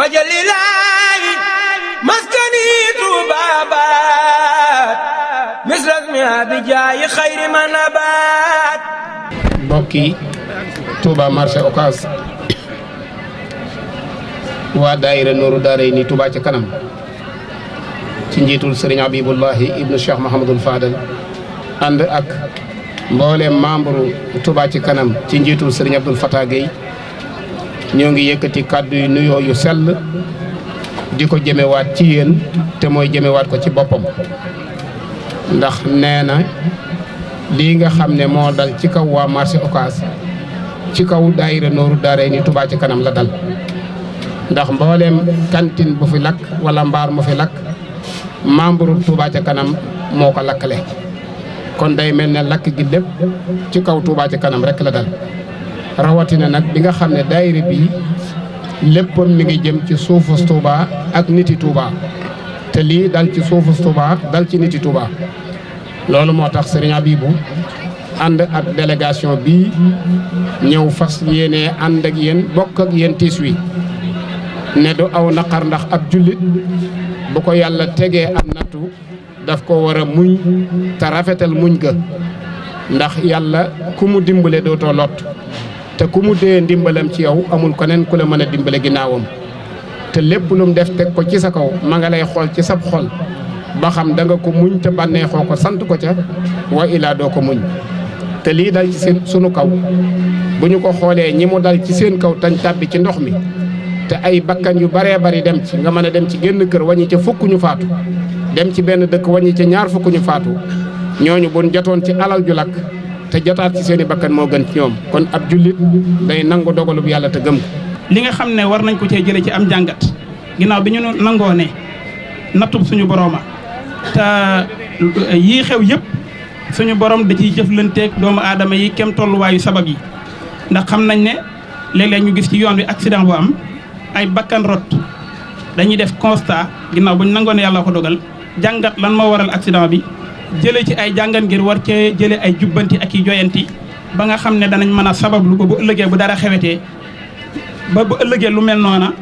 wajalilaayi maskani tuubaabaat misras mi abijaayi xayri man abaat mbokk yi Touba marché Ocass waa daayira Nuuru Daarayni Touba ca kanam ci njiitul sëriñ Habibullahi ibnu Cheikh Mahamadul Fadal ànd ak mboolem membre Touba ci kanam ci njiitul sëriñ Abdoul Fatah Gueye ñoo ngi yëkkati kàddu nuyoo yu sell di ko jëmewaat ci yéen te mooy jëmewaat ko ci boppam ndax nee na lii nga xam ne moo dal ci kaw waa marché Ocass ci kaw daayira nooru daare ni Touba ci kanam la dal ndax mbooleem kantin bu fi lakk wala mbaar mu fi lakk membre Touba ca kanam moo ko lakkale kon day mel ne lakk gi lépp ci kaw Touba ci kanam rekk la dal rawatina nag bi nga xam ne daayira bi léppam mi ngi jëm ci suufus Touba ak niti Touba te lii dal ci suufus Touba dal ci niti Touba loolu moo tax sëriñ Abibu ànd ak délégation bi ñëw fas yéene ànd ak yéen bokk ak yéen tiis wi ne du aw naqar ndax ab jullit bu ko yàlla tegee am nattu daf ko war a muñ te rafetal muñ ga ndax yàlla ku mu dimbale dootoo lot te ku mu dee ci yow amul keneen ku la mën a dimbale ginnaawam te lépp lu def teg ko ci sa kaw ma lay xool ci sab xool ba xam danga ko muñ te bànneexoo ko sant ko ca wa ilaa doo ko muñ te lii dal ci seen sunu kaw bu ñu ko xoolee ñi mu dal ci seen kaw tañ tàbbi ci ndox mi te ay bakkan yu baree bari dem ci nga mën a dem ci génn kër wañi ca fukk ñu faatu dem ci benn dëkk waññi ca ñaar fukk ñu faatu ñooñu buñ jotoon ci alal ju lakk te jotaat ci seen bakkan moo gën ci ñoom kon ab jullit day nangu dogalub yàlla te gëm li nga xam ne war nañ ko cee jëlee ci am jàngat ginnaaw bi ñu nangoo ne nattub suñu borooma te yii xew yëpp suñu borom da ciy jëflanteeg doomu aadama yi kem tolluwaayu sabab yi ndax xam nañ ne léeg-léeg ñu gis ci yoon wi accident bu am ay bakkan rot dañuy def constat ginnaaw bu ñu nangoo ne yàlla ko dogal jàngat lan moo waral accident bi. jële ci ay jàngat ngir war cee jële ay jubbanti ak i joyanti ba nga xam ne danañ mën a sabablu ba bu ëllëgee bu dara xewetee ba bu ëllëgee lu mel noona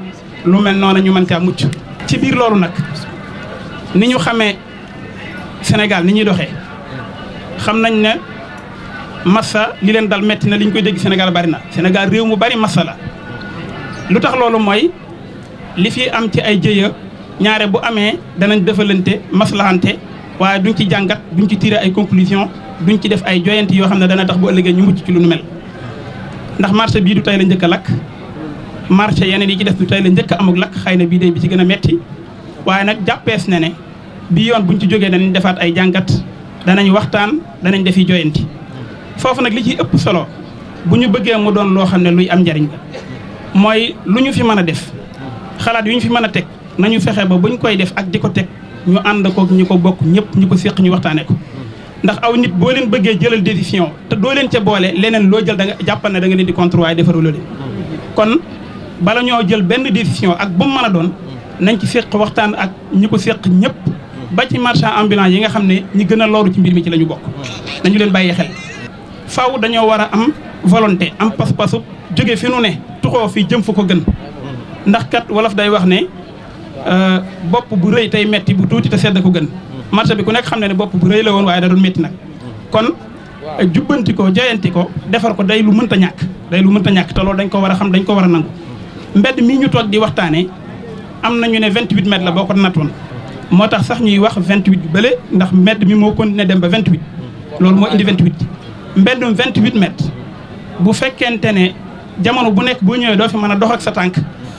lu mel noona ñu mën a mucc ci biir loolu nag ni ñu xamee Sénégal ni ñuy doxee xam nañ ne massa li leen dal metti na li ñu koy dégg Sénégal bari na Sénégal réew mu bari massa la lu tax loolu mooy li fi am ci ay jëya ñaare bu amee danañ defalante maslahante waaye duñ ci jàngat duñ ci tiré ay conclusion duñ ci def ay joyanti yoo xam ne dana tax bu ëllëgee ñu mucc ci lu nu mel ndax marché bii du tey la njëkk a lakk marché yeneen yi ci def du tey la njëkk a amuk lakk xëy na bii day bi ci gën a metti waaye nag jàppees na ne bi yoon buñ ci jógee danañ defaat ay jàngat danañu waxtaan danañ defi joyanti foofu nag li ciy ëpp solo bu ñu bëggee mu doon loo xam ne luy am njariñ la mooy lu ñu fi mën a def xalaat yu fi mën a teg nañu fexe ba buñ koy def ak di ko teg ñu ànd ko ñu ko bokk ñëpp ñu ko séq ñu waxtaanee ko ndax aw nit boo leen bëggee jëlal décision te doo leen ca boole leneen loo jël danga nga jàppal ne da nga leen di contre waaye defarul kon bala ñoo jël benn décision ak bu mu mën a doon nañ ci séq waxtaan ak ñi ko séq ñëpp ba ci marchand ambulant yi nga xam ne ñi gën a looru ci mbir mi ci la ñu bokk dañu leen bàyyi xel faw dañoo war a am volonté am pas-pasu jóge fi nu ne tuxoo fi jëm fu ko gën ndax kat wax ne Euh, bopp bu rëy tey metti bu tuuti te sedd ko gën marché bi ku nekk xam ne ne bopp bu rëy la woon waaye da doon metti nag kon jubbanti ko jayanti ko defar ko day lu mënta ñàkk day lu mënta ñàkk te loolu dañ ko war a xam dañ ko war a nangu mbedd mii ñu toog di waxtaanee am nañu ne 28 mètres la boo ko nattoon moo tax sax ñuy wax 28 bi bële ndax mbedd mi moo kon continué dem ba 28 loolu moo indi 28 mbeddum 28 mètres bu fekkente ne jamono bu nekk boo ñëwee doo fi mën a dox ak sa tànk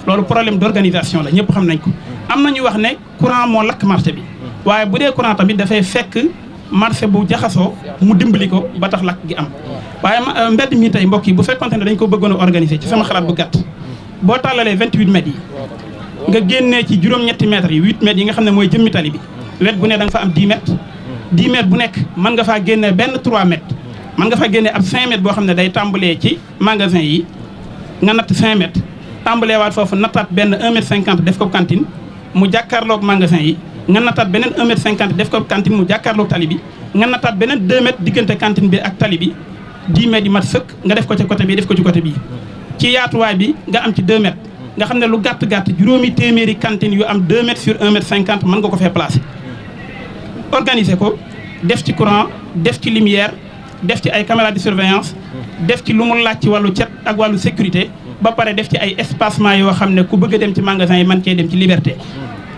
loolu problème d'organisation la ñëpp xam nañ ko am na ñu wax ne courant moo lakk marché bi waaye bu dee courant tamit dafay fekk marché bu jaxasoo mu dimbali ko ba tax lakk gi am waaye euh, mbedd mi tey mbokk yi bu fekkonte ne dañ ko bëggoon a ci sama xalaat bu gàtt boo tàllalee 28 mètres yi nga génnee ci juróom-ñetti mètres yi 8 mètres yi nga xam ne mooy jëmmi tali bi wet bu ne da nga bu nekk mën nga faa génnee benn 3 mètres mën nga faa génnee ab 5 boo xam ne day tàmbalee ci magasin yi nga natt 5 mètres tàmbalee nattaat benn 1 mètre def ko cantine mu jàkkaarloog magasin yi nga nataat beneen mètre 50 def ko cantine mu jàkkaarloog tali bi nga nataat beneen 2 mètres diggante cantine bi ak tali bi 10 mètres yi mat sëkk nga def ko ci côté bi def ko ci côté bii ci yaatuwaay bi nga am ci 2 mètres nga xam ne lu gàtt gàtt juróomi téeméeri cantine yu am 2 mètres sur 1 nga ko fee placer organiser ko def ci courant def ci lumière def ci ay caméra de surveillance def ci lu mu laaj ci wàllu cet ak wàllu sécurité ba pare def ci ay espacement yoo xam ne ku bëgg a dem ci magasin yi mën cee dem ci liberté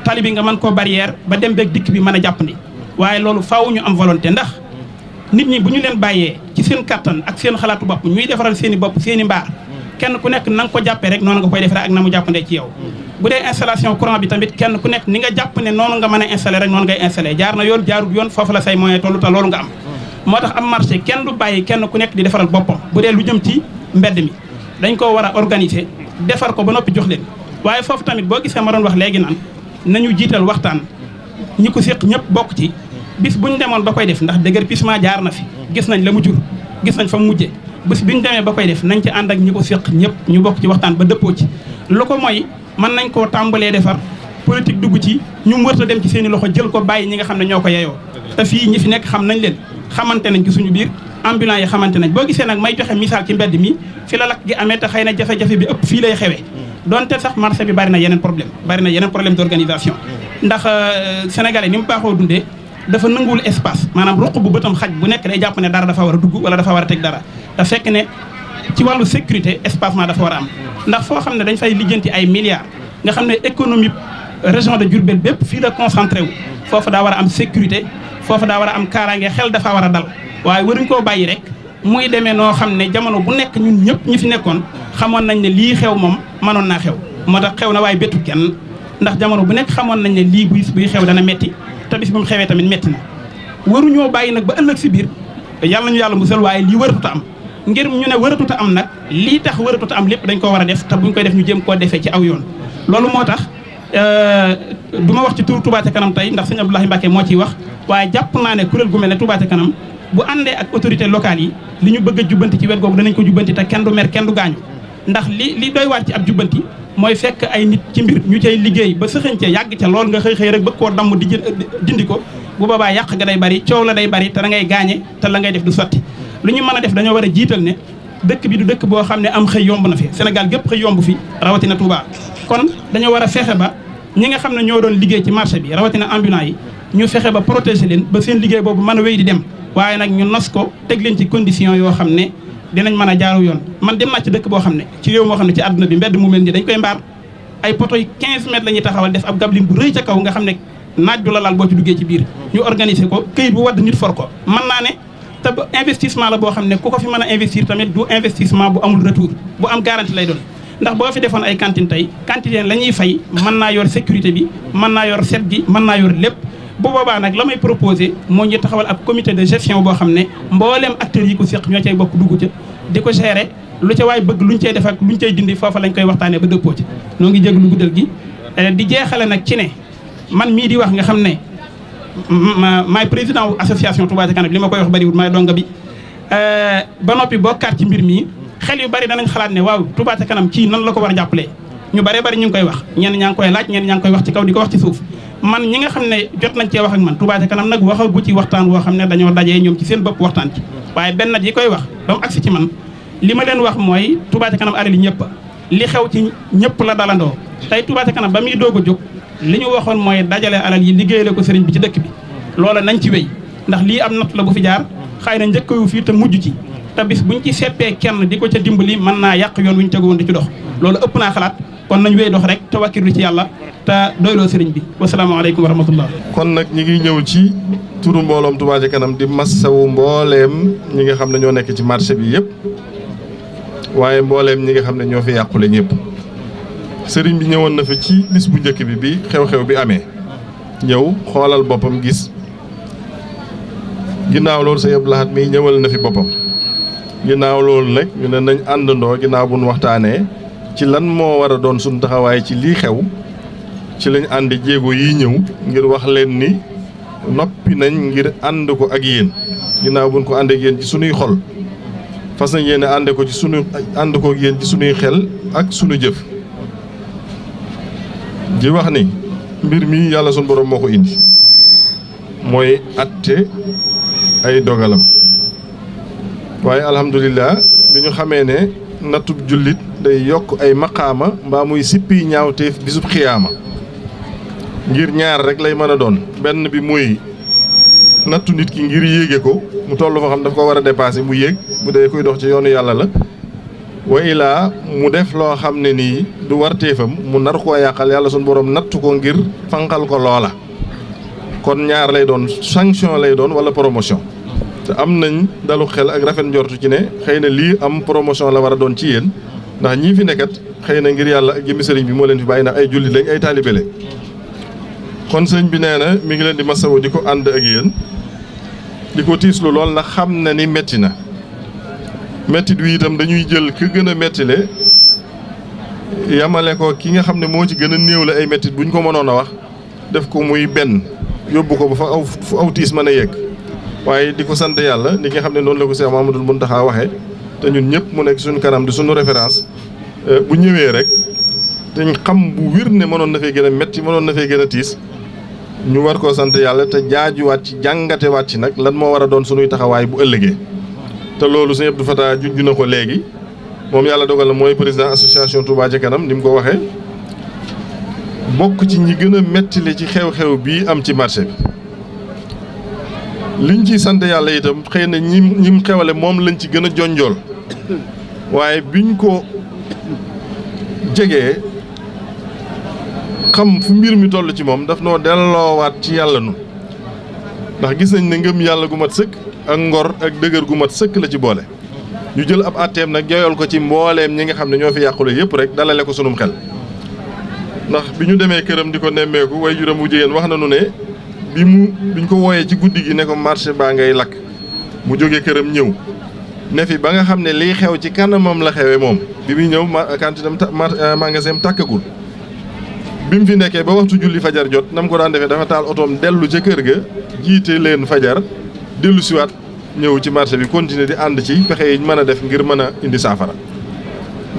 tali bi nga mën koo barrière ba dem beeg dikk bi mën a jàpp ni waaye loolu faaw ñu am volonté ndax nit ñi bu ñu leen bàyyee ci seen kattan ak seen xalaatu bopp ñuy defaral seen bopp seen i mbaar kenn ku nekk na nga ko jàppe rek noonu nga koy defaree ak na mu jàppandee ci yow bu dee installation courant bi tamit kenn ku nekk ni nga jàpp ne noonu nga mën a installé rek noonu jaar na yoon jaarut yoon foofu la say moyen tollu te loolu nga am moo tax am marché kenn bàyyi kenn ku nekk di defaral boppam bu dee lu jëm ci mbedd mi dañ koo war a organiser defar ko ba noppi jox leen waaye foofu tamit boo gisee ma doon wax léegi naan nañu jiital waxtaan ñi ko séq ñëpp bokk ci bis bu ñu demoon ba koy def ndax déguerpissement jaar na fi gis nañ la mu jur gis nañ fa mu mujje bis bi ñu demee ba koy def nañ ci ànd ak ñi ko séq ñëpp ñu bokk ci waxtaan ba dëppoo ci lu ko mooy mën nañ koo tàmbalee defar politique dugg ci ñu wër a dem ci seeni loxo jël ko bàyyi ñi nga xam ne ñoo ko yeyoo te fii ñi nekk xam nañ leen xamante nañ ci suñu biir ambulants yi xamante nañ boo gisee nag may joxe misaal ci mbedd mi fi la lakk gi amee te xëy na jafe-jafe bi ëpp fii lay xewee donte sax marché bi bari na yeneen problème bari na yeneen problème d'organisation ndax euh, sénégalais ni mu baaxoo dundee dafa nanguwul espace maanaam ruq bu bëtam xaj bu nekk day jàpp ne dara dafa war a dugg wala dafa war a teg dara te fekk ne ci wàllu sécurité espacement dafa war a am ndax foo xam ne dañ fay lijjanti ay milliards nga xam ne économie région de Diourbel bépp fii la concentré wu foofu daa a am sécurité foofu daa war a am kaaraange xel dafa war dal waaye waruñ koo bàyyi rek muy deme noo xam ne jamono bu nekk ñun ñëpp ñu fi nekkoon xamoon nañ ne lii xew moom manoon naa xew moo tax xew na waaye bettu kenn ndax jamono bu nekk xamoon nañ ne lii buy buy xew dana metti te bis bu mu xewee tamit metti na waruñoo bàyyi nag ba ëllëg si biir yàlla ñu yàlla musal waaye lii waratuta am ngir ñu ne waratuta am nag lii tax waratuta am lépp dañ koo war a def te buñ koy def ñu jëm koo defee ci aw yoon Euh, du ma wax ci turu Touba kanam tey ndax sëñ Abdoulahi Mbacke moo ciy wax waaye jàpp naa ne kuréel gu mel ne Touba kanam bu àndee ak autorité locale yi li ñu bëgg a jubbanti ci wet googu danañ ko jubbanti te kenn du mer kenn du gaañu ndax li li doy waar ci ab jubbanti mooy fekk ay nit ci mbir ñu cay liggéey ba sëxëñ ca yàgg ca lool nga xëy xëy rek bëgg koo damm di dindi ko bu boobaa yàq ga day bari coow la day bari te da ngay gaañe te la ngay def du sotti lu ñu mën a def dañoo war a jiital ne dëkk bi du dëkk boo xam ne am xëy yomb na fi Sénégal gépp xëy yomb fi rawatina Touba kon dañoo war a fexe ba ñi nga xam ne ñoo doon liggéey ci marché bi rawatina ambulant yi ñu fexe ba protéger leen ba seen liggéey boobu mën a wéy di dem waaye nag ñu nas ko teg leen ci condition yoo xam ne dinañ mën a jaaru yoon man dem naa ci dëkk boo xam ne ci réew moo xam ne ci àdduna bi mbedd mu mel ni dañ koy mbaar ay poto yi 15 mètres la ñuy taxawal def ab gablin bu rëy ca kaw nga xam ne naaj du la laal boo ci duggee ci biir ñu organiser ko këyit bu wadd nit ko mën naa ne te investissement la boo xam ne ku ko fi mën a investir tamit du investissement bu amul retour bu am garantie lay doon ndax boo fi defoon ay cantine tey cantine la ñuy fay mën naa yor sécurité bi mën naa yor set gi mën naa yor lépp bu boobaa nag la may proposé moo ñu taxawal ab comité de gestion boo xam ne mboolem acteurs yi ko seq ñoo cay bokk dugg ca di ko gérer lu ca waay bëgg luñ cee defak ak luñ cay dindi foofa lañ koy waxtaanee ba dëppoo ci. noo ngi jéglu guddal gi eh, di jeexale nag ci man mii di wax nga xam ne ma maay président wu association Touba ca kanam li ma koy wax bariwul maay donga bi euh, ba noppi bokkaat ci mbir mi xel yu bari danañ xalaat ne waaw Touba kanam ci nan la ko war a jàppalee ñu bare bari ñu ngi koy wax ñenn ñaa ngi koy laaj ñenn ñaa ngi koy wax ci kaw di ko wax ci suuf man ñi nga xam ne jot nañ cee wax ak man Touba ca kanam nag waxagu ci waxtaan woo xam ne dañoo dajee ñoom ci seen bopp waxtaan ci waaye benn nat yi koy wax ba mu agsi ci man li ma leen wax mooy Touba kanam alali ñëpp li xew ci ñëpp la dalandoo tey Touba kanam ba muy doog a li ñu waxoon mooy dajale alal yi liggéeyale ko sëriñ bi ci dëkk bi loola nañ ci wéy ndax lii am natt la bu fi jaar xëy na njëkkayu fii te mujj ci tabis bu buñ ci seppee kenn di ko ca dimbali mën naa yàq yoon wu ñu wuñ woon di ci dox loolu ëpp naa xalaat kon nañ wéy dox rek te wakkilu ci yàlla te doyloo sëriñ bi wasalaamaaleykum wa rahmatullah kon nag ñi ngi ñëw ci turu mbooloom Touba Kanam di massawu mbooleem ñi nga xam ne ñoo nekk ci marché bi yëpp waaye ñi nga xam ne ñoo fi yàqule ñëpp sëriñ bi ñëwoon na fi ci bis bu njëkk bi bi xew-xew bi amee ñëw xoolal boppam gis ginnaaw loolu sa yëpp laxat mi ñëwal na fi boppam ginnaaw loolu nag ñu ne nañ àndandoo ginnaaw bu waxtaanee ci lan moo war a doon suñu taxawaay ci lii xew ci lañ àndi jéego yi ñëw ngir wax leen ni noppi nañ ngir ànd ko ak yéen ginnaaw buñ ko ànd ak yéen ci sunuy xol fas nañ yéene ànd ko ci sunu ànd yéen ci sunuy xel ak sunu jëf di wax ni mbir mi yàlla sunu borom moo ko indi mooy atte ay dogalam waaye alhamdulilah bi ñu xamee ne nattub jullit day yokk ay maqaama mbaa muy sippi ñaawteef bisub xiyaama ngir ñaar rek lay mën a doon benn bi muy nattu nit ki ngir yéege ko mu toll foo xam daf ko war a dépassé mu yéeg bu dee koy dox ci yoonu yàlla la wa mu def loo xam ne nii du warteefam mu nar koo yàqal yàlla sunu borom nattu ko ngir fanqal ko loola kon ñaar lay doon sanction lay doon wala promotion te am nañ dalu xel ak rafet njortu ci ne xëy na lii am promotion la war a doon ci yéen ndax ñii fi nekkat xëy na ngir yàlla ak jëmmi sëriñ bi moo leen fi bàyyi ndax ay jullit lañ ay taalibe lañ kon sëriñ bi nee na mi ngi leen di masawu di ko ànd ak yéen di ko tiislu lool ndax xam na ni metti na mettit wi itam dañuy jël ki gën a mettile yamale ko ki nga xam ne moo ci gën a néew la ay mettit bu ñu ko mënoon a wax def ko muy benn yóbbu ko ba fa aw fu aw tiis mën a yegg waaye di ko sante yàlla li nga xam ne noonu la ko Cheikh Mamadou Mountakha waxee te ñun ñëpp mu nekk suñu kanam di suñu référence euh, bu ñëwee rek dañ xam bu wir ne mënoon na fay gën a metti mënoon na fay gën a tiis ñu war koo sant yàlla te jaajuwaat ci jàngatewaat ci nag lan moo war a doon suñuy taxawaay bu ëllëgee te loolu du Abdou ju junj na ko léegi moom yàlla dogal na mooy président association Touba ca kanam ni mu ko waxee bokk ci ñi gën a mettile ci xew-xew bii am ci marché bi. liñ ciy sant yàlla itam xëy na ñi ñim xewale moom lañ ci gën a jonjool waaye biñ ko jegee xam fu mbir mi toll ci moom daf noo delloowaat ci yàlla nu ndax gis nañ ne ngëm yàlla gu mat sëkk. ak ngor ak dëgër gu mat sëkk la ci boole ñu jël ab àtteem nag jooyal ko ci mbooleem ñi nga xam ne ñoo fi yàqule yëpp rek dalale ko sunum xel ndax bi ñu demee këram di ko nemmeeku way juram wu jigéen wax nañu ne bi mu biñ ko wooyee ci guddi gi ne ko marché baa ngay lakk mu jógee këram ñëw ne fi ba nga xam ne lii xew ci kanamam la xewee moom bi muy ñëw kantinam euh, magasin tàkkagul bi mu fi nekkee ba waxtu julli fajar jot nam ko daan defee dafa taal otoom dellu ca kër ga jiite leen fajar dellu siwaat ñëw ci marché bi continuer di ànd ci pexe yi mën a def ngir mën a indi saafara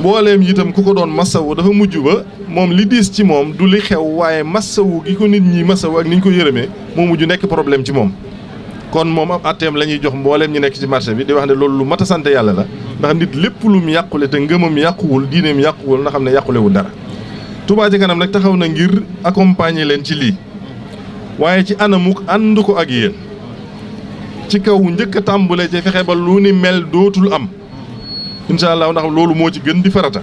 mbooleem itam ku ko doon masawu dafa mujj ba moom li diis ci moom du li xew waaye masawu gi nit ñi masawu ni ñu ko yërëmee moo mujj nekk problème ci moom kon moom ab atteem la ñuy jox mbooleem ñu nekk ci marché bi di wax ne loolu lu mat a sant yàlla la ndax nit lépp lu mu yàqule te ngëmam yàquwul diineem yàquwul na xam ne yàqulewul dara Touba Ca Kanam nag taxaw na ngir accompagner leen ci lii waaye ci anamu ànd ko ak yéen ci kaw njëkk a tàmbale ci fexe ba lu ni mel dootul am incha allah ndax loolu moo ci gën di farata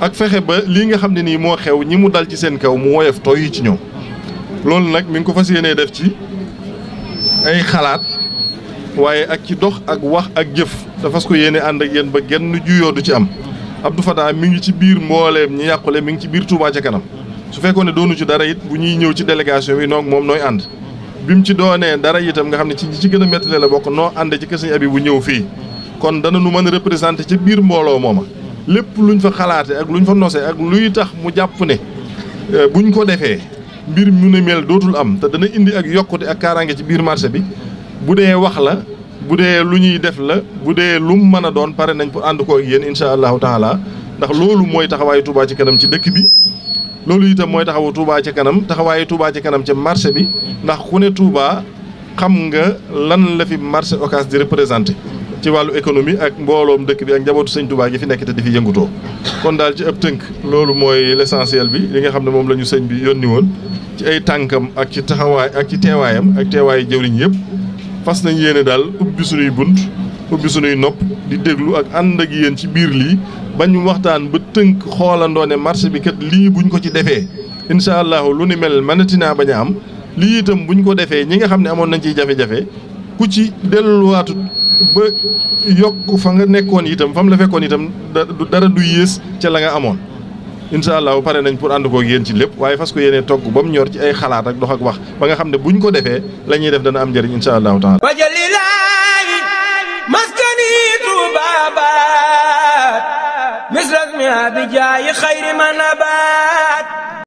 ak fexe ba lii nga xam ne nii moo xew ñi mu dal ci seen kaw mu woyof tooy ci ñoom loolu nag mi ngi ko fas yéenee def ci ay xalaat waaye ak ci dox ak wax ak jëf dafas ko yéene ànd ak yéen ba genn juyoo du ci am Abdou Fatah mi ngi ci biir mbooleem ñi yàqule mi ngi ci biir Touba ca kanam su fekkoon ne doonu ci dara it bu ñuy ñëw ci délégation bi noog moom nooy ànd bi mu ci doonee dara itam nga xam ne ci ci gën a métti la bokk noo ànd ci kër sëñ abi bu ñëw fii kon dana nu mën a représenté ci biir mbooloo mooma lépp luñ fa xalaate ak luñ fa nose ak luy tax mu jàpp ne euh, buñ ko defee mbir mu ne mel dootul am te dana indi ak yokkute ak kaaraange ci biir marché bi bu dee wax la bu dee lu ñuy def la bu dee lum mën a doon pare nañ pour ànd ko ak yéen incha allahu taala ndax loolu mooy taxawaayu Touba ci kanam ci dëkk bi loolu itam mooy taxawu Touba ci kanam taxawaayu Touba ci kanam ci marché bi ndax ku ne Touba xam nga lan la fi marché Ocass di représenté ci wàllu économie ak mbooloom dëkk bi ak njabootu sëñ Touba gi fi nekk te di fi yëngutoo. kon daal ci ab tënk loolu mooy l'essentiel bi li nga xam ne moom la ñu sëñ bi yónni woon ci ay tànkam ak ci taxawaay ak ci teewaayam ak teewaayu jëwriñ yëpp fas nañ yéene daal ubbi suñuy bunt ubbi suñuy nopp di déglu ak ànd yéen ci biir lii. ba ñu waxtaan ba tënk xoolandoo ne marché bi kat lii buñ ko ci defee incha allahu lu ni mel mënati naa bañ a am lii itam buñ ko defee ñi nga xam ne amoon nañ ciy jafe-jafe ku ci delluwaatu ba yokk fa nga nekkoon itam fam la fekkoon itam dara du yées ca la nga amoon. incha allah pare nañ pour ànd koog yéen ci lépp waaye fas ko yenee togg ba mu ñor ci ay xalaat ak dox ak wax ba nga xam ne buñ ko defee la ñuy def dana am njëriñ incha allahu taala. mi abi jaayi xayri ma nabaat